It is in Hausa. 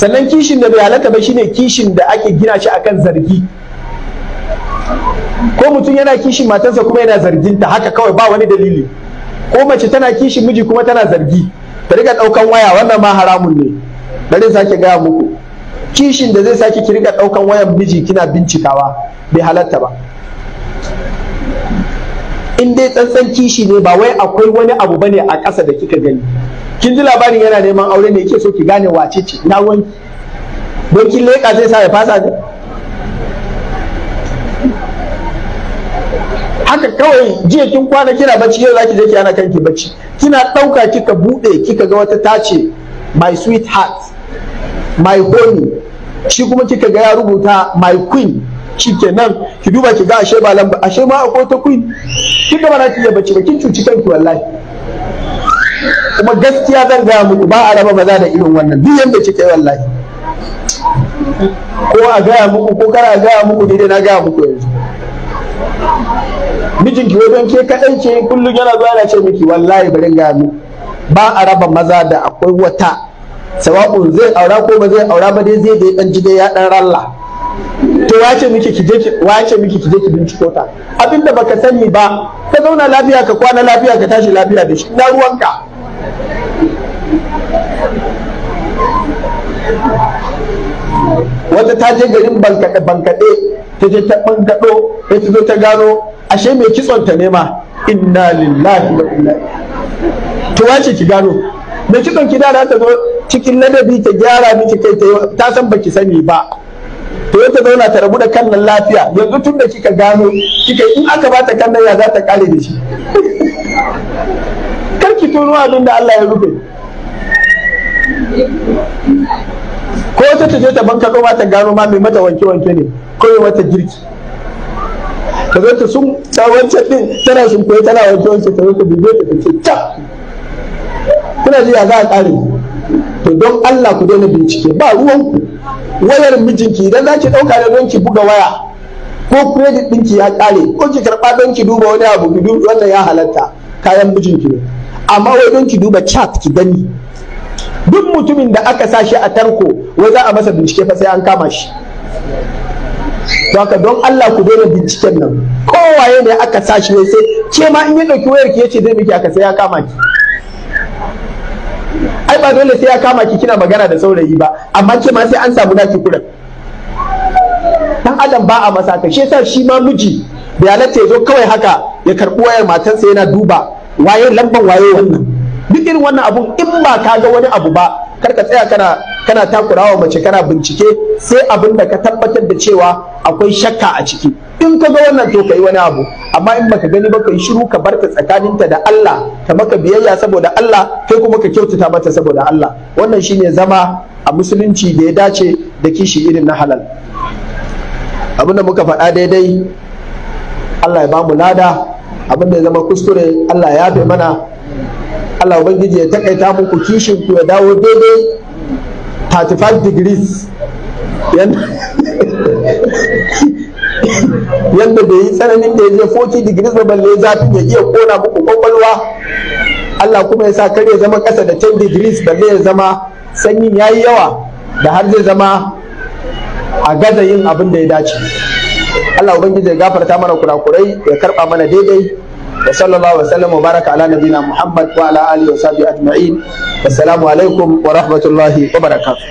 sannan kishin da bai halatta ba shine kishin da ake gina shi akan zargi ko mutum yana kishin matarsa kuma yana ta haka kawai ba wani dalili ko mace tana kishin miji kuma tana zargi ta riga daukan waya wannan ma haramun ne bari sake gaya muku kishin da zai sake ki rika daukan wayan miji kina bincikawa bai halatta ba in dai tsantsan kishi ne ba wai akwai wani abu bane a ƙasa da kika gani kin ji labarin yana neman aure ne yake so ki gane wace ce na wanki don kin leƙa zai sa ya fasa ne haka kawai jiya kin kwana kina bacci yau zaki je ki ana ki bacci kina ɗauka kika buɗe kika ga wata tace my sweetheart my honey shi kuma kika ga ya rubuta my queen shi kenan ki duba ki ga ashe ba lamba ashe ma akwai ta queen kika ba za ki iya bacci ba kin cuci kanki wallahi kuma gaskiya zan gaya muku ba a raba maza da irin wannan duk yadda kika yi wallahi ko a gaya muku ko kara gaya muku dai na gaya muku yanzu mijinki wajen ke kaɗai ce kullum yana zuwa yana ce miki wallahi bari gaya muku ba a raba maza da akwai wata sawa'un zai aura ko ba zai aura ba dai zai da dan ji dai ya dan ralla to wace miki ki je ki wace miki ki je ki binciko ta abinda baka sani ba ka zauna lafiya ka kwana lafiya ka tashi lafiya da shi na ruwanka wata ta je garin bankaɗe ta je ta bankaɗo ya ta zo ta gano ashe mai kitson ta nema inna lillahi wa inna to wace ki gano mai kitson ki da ta zo cikin ladabi ta gyara miki kai ta san baki sani ba to ta zauna ta rabu da kannan lafiya yanzu tun da kika gano kika in aka bata kannan ya za ta kare da shi kar ki tono abin da Allah ya rufe ko wata ta je ta banka ma ta gano ma mai mata wanke wanke ne ko yi mata girki ta zo ta sun ta wancan din tana sun koyi tana wanke wanke ta zo ta bibe ta ce ta kuna ji ya za a kare to don Allah ku daina bincike ba ruwanku wayar mijinki idan za ki ɗauka da don ki buga waya ko credit ɗinki ya tsari, ko ki karɓa don ki duba wani abu ki duba wannan ya halatta kayan mijinki ne amma wai don ki duba chat ki gani duk mutumin da aka sa shi a tarko wai za a masa bincike fa sai an kama shi haka don Allah ku daina binciken nan kowaye ne aka sashi ne sai ke ma in yi ɗauki wayar ki yace zai miki aka sai ya kama ki ai ba dole sai ya kama ki kina magana da saurayi ba amma ke ma sai an samu naki kuren dan adam ba a masa ka shi yasa shi ma miji da ya zo kawai haka ya karɓi wayar matarsa yana duba waye lamban waye wannan duk irin wannan abun in ba ka ga wani abu ba kar ka tsaya kana kana takurawa mace kana bincike sai abin da ka tabbatar da cewa akwai shakka a ciki in ka ga wannan to kai wani abu amma in baka gani ba kai shiru ka barta tsakaninta da Allah ka maka biyayya saboda Allah kai kuma ka kyautata mata saboda Allah wannan shine zama a musulunci da ya dace da kishi irin na halal abin da muka faɗa daidai Allah ya bamu lada abin da ya zama kuskure Allah ya yafe mana Allah ubangiji ya takaita muku kishin ku ya dawo daidai 35 degrees yadda bai yi tsananin da ya je 40 degrees ba balle zafi ya iya kona muku kwakwalwa Allah kuma ya sa kar ya zama kasa da 10 degrees balle ya zama sanyin ya yi yawa da har zai zama a gaza yin abin da ya dace Allah ubangiji ya gafarta mana kurakurai ya karba mana daidai wa sallallahu wa sallam baraka ala nabina muhammad wa ala alihi wa sahbihi ajma'in assalamu alaikum wa rahmatullahi wa barakatuh